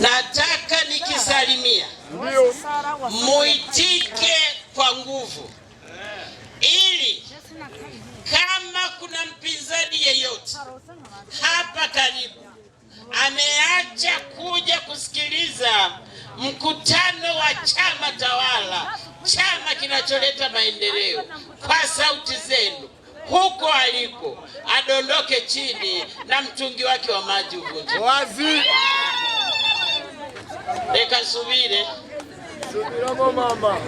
Nataka nikisalimia muiti nguvu, ili kama kuna mpinzani yeyote hapa karibu ameacha kuja kusikiliza mkutano wa chama tawala, chama kinacholeta maendeleo, kwa sauti zenu huko aliko adondoke chini na mtungi wake wa maji uvunje wazi. Eka subire, subira mama.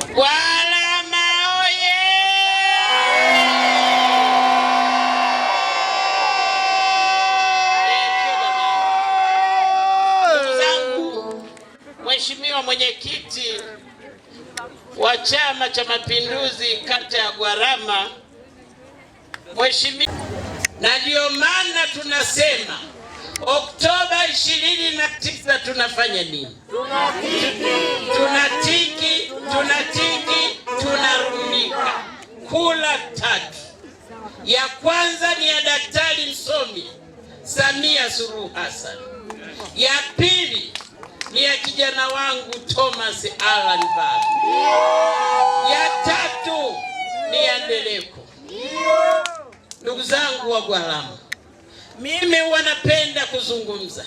Mheshimiwa mwenyekiti wa Chama cha Mapinduzi kata ya Gwarama, Mheshimiwa, na ndio maana tunasema Oktoba 29 tunafanya nini? Tunatiki, tunatiki, tunarumika kula tatu. Ya kwanza ni ya Daktari msomi Samia Suluhu Hassan, ya pili ni ya kijana wangu Thomas Alan Baba. Ya tatu ni ya Ndeleko. Ndugu zangu wa Gwalama, mimi wanapenda kuzungumza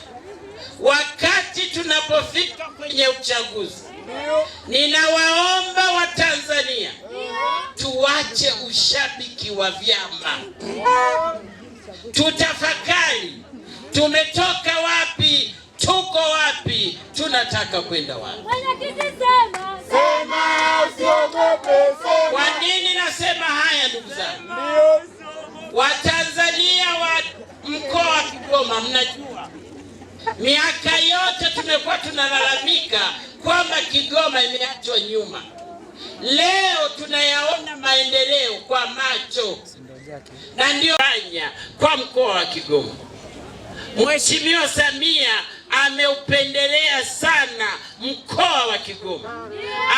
wakati tunapofika kwenye uchaguzi. Ninawaomba Watanzania tuwache ushabiki wa vyama, tutafakari tumetoka wapi tuko wapi, tunataka kwenda wapi? Kwa nini nasema haya, ndugu zangu Watanzania wa mkoa wa Kigoma? Mnajua miaka yote tumekuwa tunalalamika kwamba Kigoma imeachwa nyuma. Leo tunayaona maendeleo kwa macho na ndio fanya kwa mkoa wa Kigoma. Mheshimiwa Samia ameupendelea sana mkoa wa Kigoma,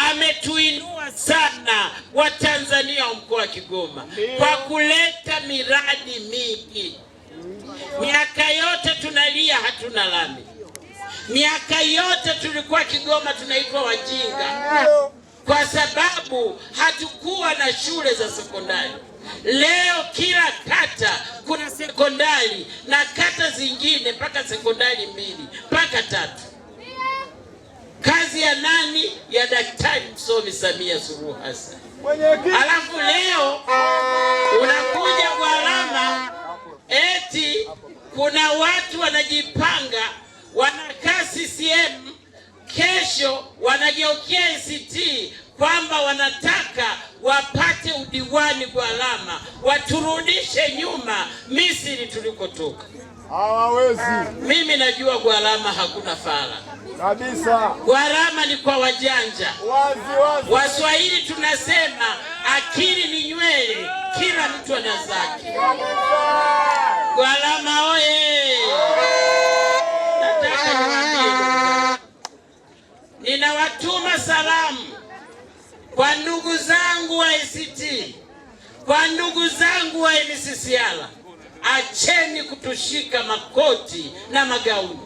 ametuinua sana Watanzania wa mkoa wa Kigoma kwa kuleta miradi mingi. Miaka yote tunalia hatuna lami, miaka yote tulikuwa Kigoma tunaitwa wajinga kwa sababu hatukuwa na shule za sekondari. Leo kila kata kuna sekondari na kata zingine mpaka sekondari mbili mpaka tatu. Kazi ya nani? Ya Daktari msomi Samia Suluhu Hassan. Alafu leo unakuja kwa alama eti kuna watu wanajipanga wanakaa CCM, kesho wanageokea ACT kwamba wanataka wapate udiwani kwa alama waturudi wanakotoka hawawezi. Mimi najua Gwarama hakuna fala kabisa. Gwarama ni kwa wajanja wazi, wazi. Waswahili tunasema akili ni nywele, kila mtu ana zake. Gwarama oye! Nataka niwaambie, ninawatuma salamu kwa ndugu zangu wa ACT, kwa ndugu zangu wa NCCR acheni kutushika makoti na magauni.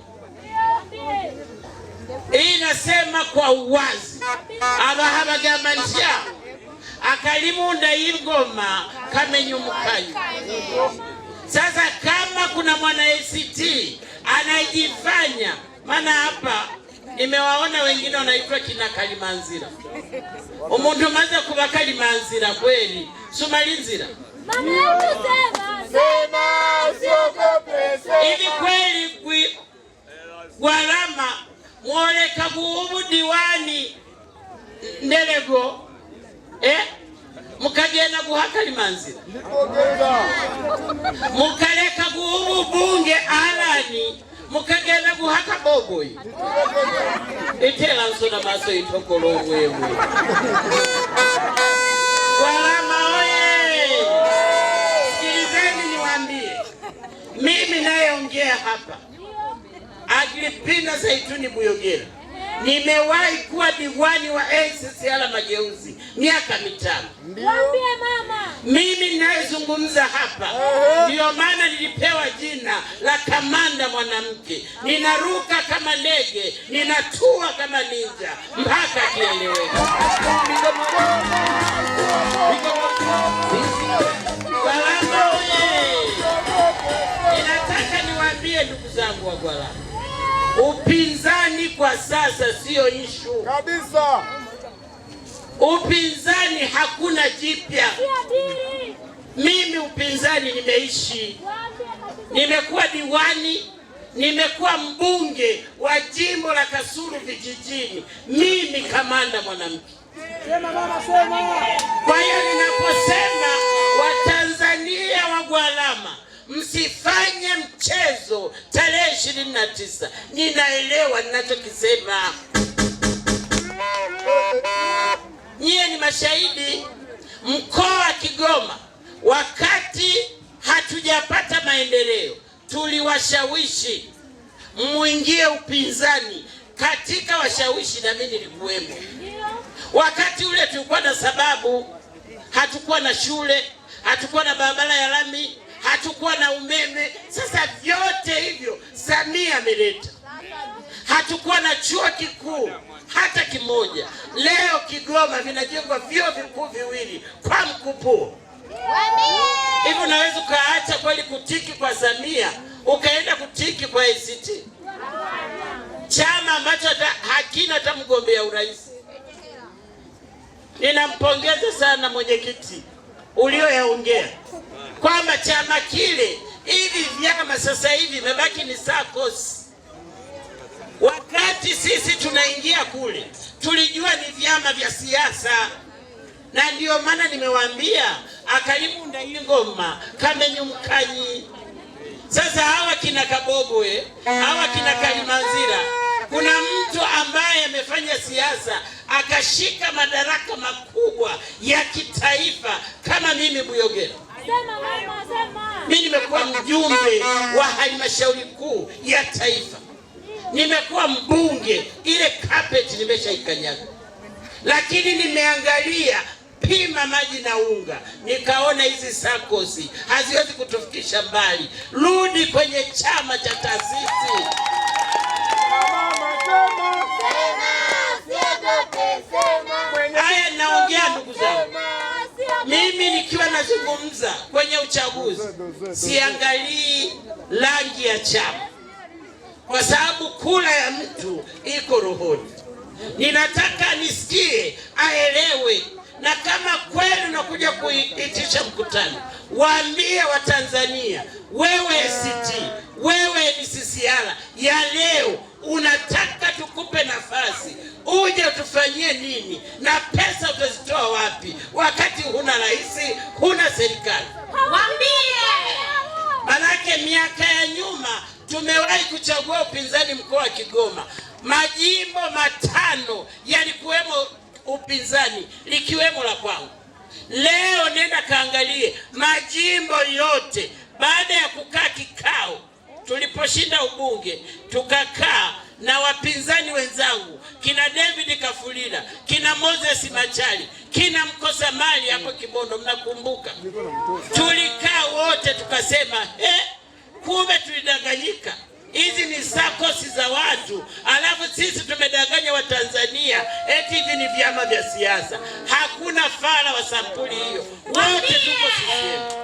Hii nasema kwa uwazi, avahavagamanija akalimunda ingoma kamenyumukanyu. Sasa kama kuna mwana ACT anajifanya, maana hapa nimewaona wengine wanaitwa kina kalimanzira, umuntu maze kuba kalimanzira kweli sumalinzira Sema usiogope, sema. Hivi kweli gwi gwalama mwoleka guubu diwani ndelego eh? mukagenda guhakali manzira mukaleka guubu bunge alani mukagenda guhaka boboyi itela nsona maso itokolo wewe hapa Agripina Zaituni Buyogera, nimewahi kuwa diwani wa NCCR Mageuzi miaka mitano. Mwambie mama, mimi ninayezungumza hapa ndiyo maana nilipewa jina la kamanda mwanamke. Ninaruka kama ndege, ninatua kama ninja mpaka kieleweke. ndugu zangu wa Gwala, upinzani kwa sasa siyo ishu kabisa. Upinzani hakuna jipya. Mimi upinzani nimeishi, nimekuwa diwani, nimekuwa mbunge wa jimbo la Kasulu vijijini, mimi kamanda mwanamke. Kwa hiyo ninaposema Watanzania wa Gwalama msifanye mchezo tarehe ishirini na tisa. Ninaelewa ninachokisema, nyiye ni mashahidi. Mkoa wa Kigoma, wakati hatujapata maendeleo, tuliwashawishi mwingie upinzani. Katika washawishi nami nilikuwemo wakati ule. Tulikuwa na sababu, hatukuwa na shule, hatukuwa na barabara ya lami hatukuwa na umeme. Sasa vyote hivyo Samia ameleta. Hatukuwa na chuo kikuu hata kimoja. Leo Kigoma vinajengwa vyuo vikuu viwili kwa mkupuo. Hivi unaweza ukaacha kweli kutiki kwa Samia ukaenda kutiki kwa ACT, chama ambacho hakina hata mgombea urais? Ninampongeza sana mwenyekiti ulioyaongea kwamba chama kile, hivi vyama sasa hivi imebaki ni SACCOS. Wakati sisi tunaingia kule tulijua ni vyama vya siasa, na ndiyo maana nimewaambia akalimunda ndaingoma ngoma Sasa hawa kina Kabobwe hawa kina Kalimanzira, kuna mtu ambaye amefanya siasa akashika madaraka makubwa ya kitaifa kama mimi Buyogera mimi nimekuwa mjumbe wa halmashauri kuu ya taifa, nimekuwa mbunge, ile kapeti nimeshaikanyaga, lakini nimeangalia pima maji na unga, nikaona hizi sakosi haziwezi kutufikisha mbali. Rudi kwenye chama cha taasisi. Haya naongea ndugu zangu mimi nikiwa nazungumza kwenye uchaguzi siangalii rangi ya chama, kwa sababu kula ya mtu iko rohoni. Ninataka nisikie, aelewe, na kama kweli unakuja kuitisha mkutano, waambie Watanzania, wewe ACT, wewe CCR ya leo unataka tukupe nafasi uje utufanyie nini, na pesa utazitoa wapi wakati huna rais, huna serikali? Waambie, manake miaka ya nyuma tumewahi kuchagua upinzani mkoa wa Kigoma, majimbo matano yalikuwemo upinzani likiwemo la kwangu. Leo nenda kaangalie majimbo yote baada ya tuliposhinda ubunge tukakaa na wapinzani wenzangu kina David Kafulila, kina Moses Machali, kina Mkosa Mali hapo Kibondo, mnakumbuka? Tulikaa wote tukasema, eh, kumbe tulidanganyika. Hizi ni sakosi za watu, alafu sisi tumedanganya Watanzania eti hivi ni vyama vya siasa. Hakuna fara wa sampuli hiyo, wote tuko sisi.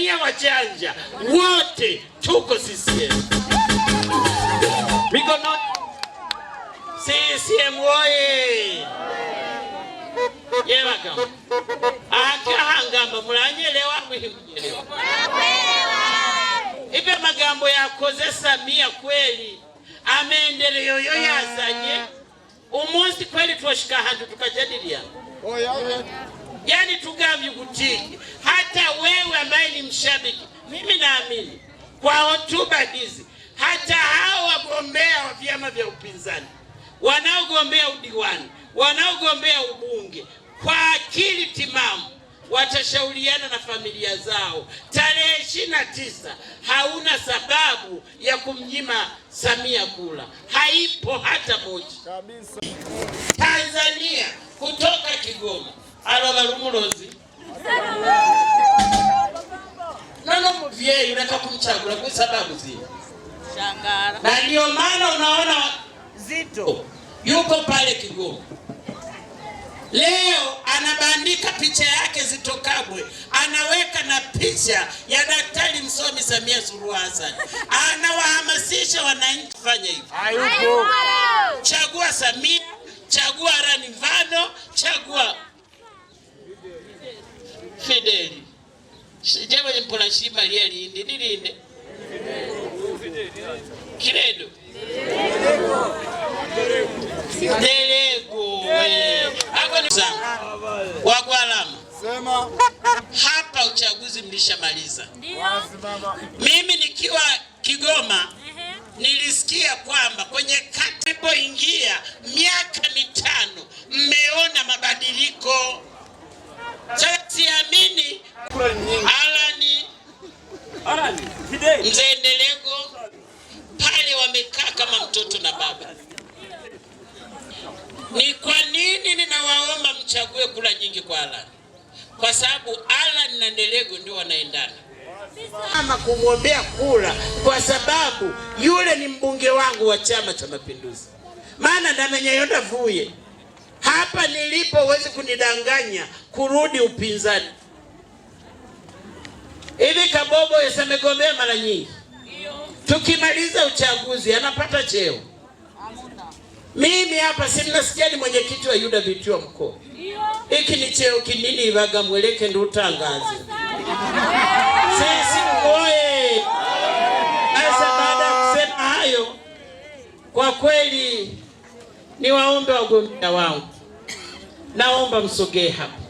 Tanzania wajanja wote tuko CCM. Mikono CCM oye! yewaka akahangamba mulanyelewa mwimunyelewa ipe magambo yakoze Samia kweli ameendeleo yo yazanye umunsi kweli tuoshika hantu tukajadiliana yani tugavi kutiki. Hata wewe ambaye ni mshabiki, mimi naamini kwa hotuba hizi, hata hao wagombea wa vyama vya upinzani wanaogombea udiwani, wanaogombea ubunge kwa akili timamu watashauriana na familia zao. Tarehe ishirini na tisa hauna sababu ya kumnyima Samia kula, haipo hata moja Tanzania kutoka Kigoma alala lumulozi nono muvyeyi unataka kumchagula kwa sababu zile shangara, na ndio maana unaona Zito oh, yuko pale Kigoma leo anabandika picha yake Zito Kabwe, anaweka na picha ya daktari msomi Samia Suluhu Hassan, anawahamasisha wananchi kufanya hivyo. Chagua Samia, chagua Rani Mvano, shiba lye lindi ni linde kiredo wagwalama hapa uchaguzi mlishamaliza. Mimi nikiwa Kigoma nilisikia kwamba kwenye ingia miaka Mzee Ndelego pale wamekaa kama mtoto na baba. Ni kwa nini ninawaomba mchague kula nyingi kwa Alan? Kwa sababu Alan na Ndelego ndio wanaendana ama kumwombea kula, kwa sababu yule ni mbunge wangu wa Chama cha Mapinduzi, maana ndamenyeyonda vuye hapa nilipo, huwezi kunidanganya kurudi upinzani. Hivi Kabogo amegomea mara nyingi, tukimaliza uchaguzi anapata cheo. Mimi hapa mnasikia ni mwenyekiti wa Yuda Bitua mkoa, hiki ni cheo kinini ivaga mweleke ndio utangaze sisi mkoe. Sasa baada ya kusema hayo, kwa kweli ni wagombea wangu, naomba msogee hapa